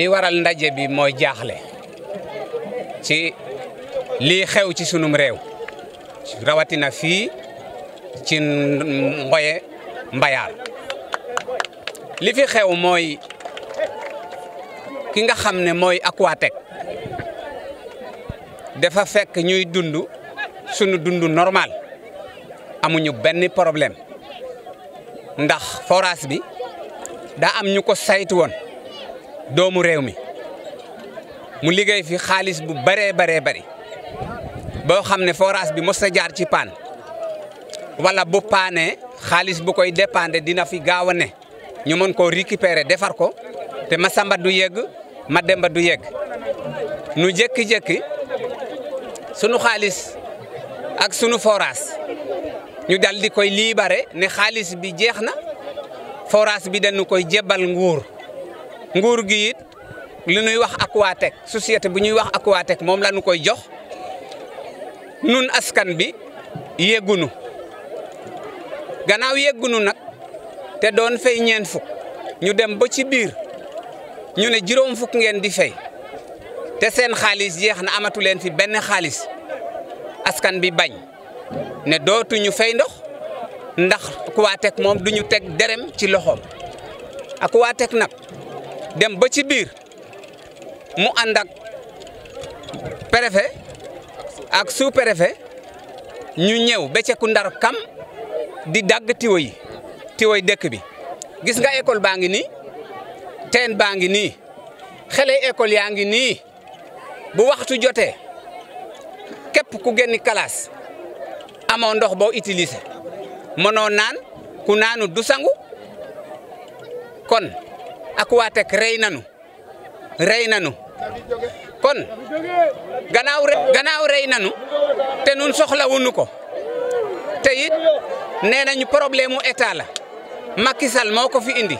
li waral ndaje bi mooy jaaxle ci lii xew ci sunum réew rawatina fii ci Ngoye Mbayar li fi xew mooy ki nga xam ne mooy Aquatech dafa fekk ñuy dundu sunu dund normal amuñu benn problème ndax forage bi daa am ñu ko saytu woon doomu réew mi mu liggéey fi xaalis bu baree baree bari boo xam ne forage bi mos sa jaar ci paan wala bu paanee xaalis bu koy dépendre dina fi gaaw a ne ñu mën koo récupérer defar ko te ma Masamba du yegg ma demba du yegg nu jékki-jékki sunu xaalis ak sunu forage ñu daldi di koy libéré ne xaalis bi jeex na forage bi dañu koy jébbal nguur nguur gi it li ñuy wax Aquatech société bu ñuy wax Aquatech moom la ñu koy jox nun askan bi yéegunu gannaaw yéegunu nag te doon fay ñeen fukk ñu dem ba ci biir ñu ne juróom fukk ngeen di fay te seen xaalis jeex na amatu leen fi benn xaalis askan bi bañ ne dootuñu fay ndox ndax Aquatech moom duñu teg derem ci loxoom Aquatech nag dem ba ci biir mu ànd ak ak sous-préfet ñu ñëw beceku ndar kam di dagg tiwo yi dëkk bi gis nga école baa ngi nii teen baa ngi nii xale école yaa ngi nii bu waxtu jotee képp ku génn kalaas amoo ndox boo utiliser mënoo naan ku naanu du sangu kon Aquatech rey nanu rey nanu kon gannaaw gannaaw rey nanu te nun soxlawuñu ko te it nee nañu problème mu état la moo ko fi indi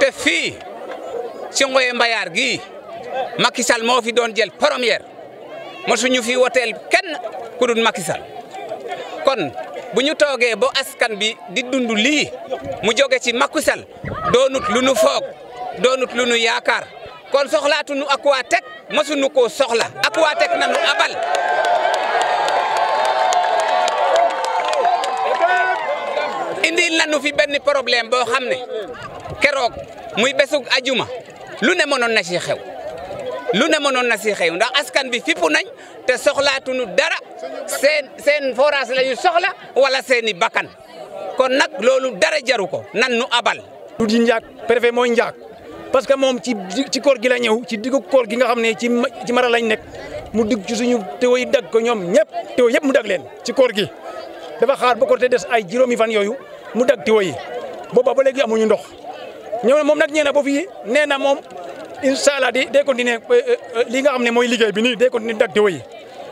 te fii ci mbayaar gi makisal moo fi doon jël première mosuñu fi woteel kenn ku makisal kon bu ñu toogee ba askan bi di dundu lii mu jóge ci Macky Sall doonut lu nu foog doonut lu nu yaakaar kon soxlaatunu Aquatech mësuñu koo soxla Aquatech nanu abal indil nanu fi benn problème boo xam ne keroog muy besug ajuma lu ne mënoon na si xew lu ne mënoon na si xew ndax askan bi fippu nañ te soxlaatunu dara seen seen forage la ñu soxla wala seeni i kon nag loolu dara jaru ko nan nu abal. du di njaag préfet mooy njaag. parce que moom ci ci koor gi la ñëw ci diggu koor gi nga xam ne ci ci mara lañ nekk mu digg ci suñu teew yi dag ko ñoom ñëpp teew yëpp mu dag leen ci koor gi dafa xaar ba ko te des ay juróomi fan yooyu mu dag teew yi booba ba léegi amuñu ndox ñëw moom nag ñee na ba fii nee na moom incha allah di day ne euh, euh, euh, li nga xam ne mooy liggéey bi nii day continuer dag teew yi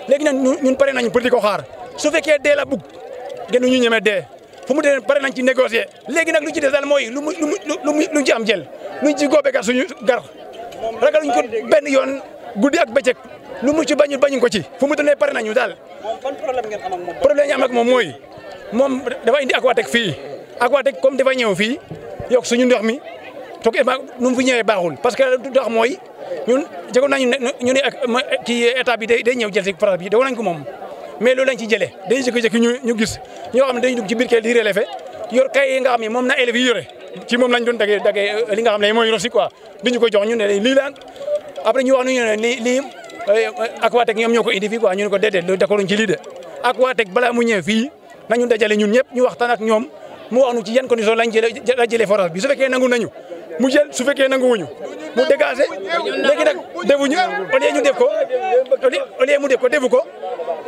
léegi nag ñun pare nañ pour di ko xaar su fekkee dee la bugg gënu ñu ñeme dee fu mu dee pare nañ ci négocier léegi nag lu ci des daal mooy lu mu lu lu mu lu ci am jël luñ ci góobee gar suñu gar ragaluñ ko benn yoon guddi ak bëccëg lu mu ci bañu bañu ko ci fu mu tollee pare nañu daal. problème ñu am ak moom mooy moom dafa indi Aquatech fii Aquatech comme dafa ñëw fii yokk suñu ndox mi te nu mu fi ñëwee baaxul parce que ndox mooy ñun jéego nañu ne ñu ne ak ci état bi day ñëw jël si farat bi dawoon nañ ko moom mais loolu lañ ci jëlee dañuy jékki-jékki ñu ñu gis ñoo xam ne dañuy dugg ci biir kër di yor kay yi nga xam moom na élèves yore ci moom lañ doon dagee dagee euh, li nga xam ne mooy rosi quoi duñu ko jox ñu ne lii la après ñu wax ñu ne lii lii euh, Aquatech ñoom ñoo ko indi fii quoi ñu ne ko déedéet loolu d'accord ci lii de Aquatech balaa mu ñëw fii nañu dajale ñun ñëpp ñu waxtaan ak ñoom mu wax nu ci yan condition lañ jëlee la jëlee forage bi su fekkee nangu nañu mu jël su fekkee nangu wuñu mu dégagé léegi nag defuñu ñu def ko au lieu mu def ko defu ko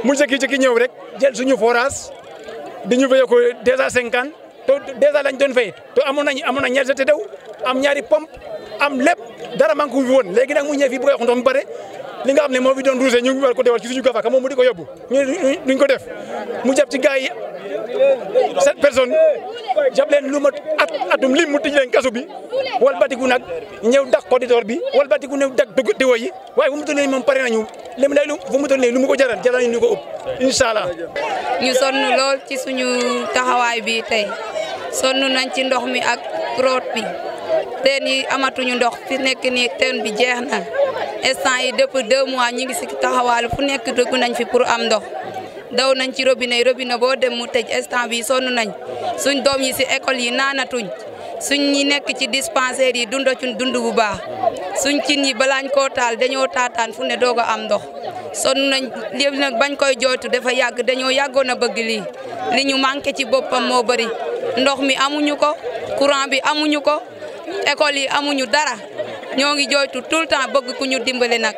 mu jëkki-jëkki ñëw rek jël suñu forage di ñu fay ko déjà cinquante te dèjà lañ doon fay te nañ amoon nañ ñaari daw am ñaari pompe am lépp dara man ko fi woon léegi nag mu ñëw fii bu koy mu bare li nga xam ne moo fi doon ruusee ñu ngi ko dewal ci suñu gafaka moom mu di ko yóbbu ñu duñ ko def mu jàpp ci gars yi cette personne jàpp leen lu mat at atum lim mu tëj leen kaso bi wal ku nag ñëw dak auditeur bi wal batiku ñëw dak dëgg diwo yi waaye fu mu toll nii moom pare nañu lim lay lu fu mu toll nii lu mu ko jaral jaral ñu ko ëpp incha allah. ñu sonn ci suñu taxawaay bi tey. sonn nañ ci ndox mi ak root bi teen yi amatuñu ndox fi nekk nii teen bi jeex na instant yi depuis deux mois ñu ngi si taxawaalu fu nekk dugg nañ fi pour am ndox daw nañ ci robinet robinet boo dem mu tëj instant bi sonn nañ suñ doom yi si école yi naanatuñ suñ ñi nekk ci dispensaire yi dund ci dund bu baax suñ cin yi balaañ koo taal dañoo taataan fu ne doog am ndox sonn nañ léegi nag bañ koy jooytu dafa yàgg dañoo yàggoon a bëgg lii li ñu manqué ci boppam moo bëri ndox mi amuñu ko courant bi amuñu ko école yi amuñu dara ñoo ngi jooytu tout le temps bëgg ku ñu dimbale nag.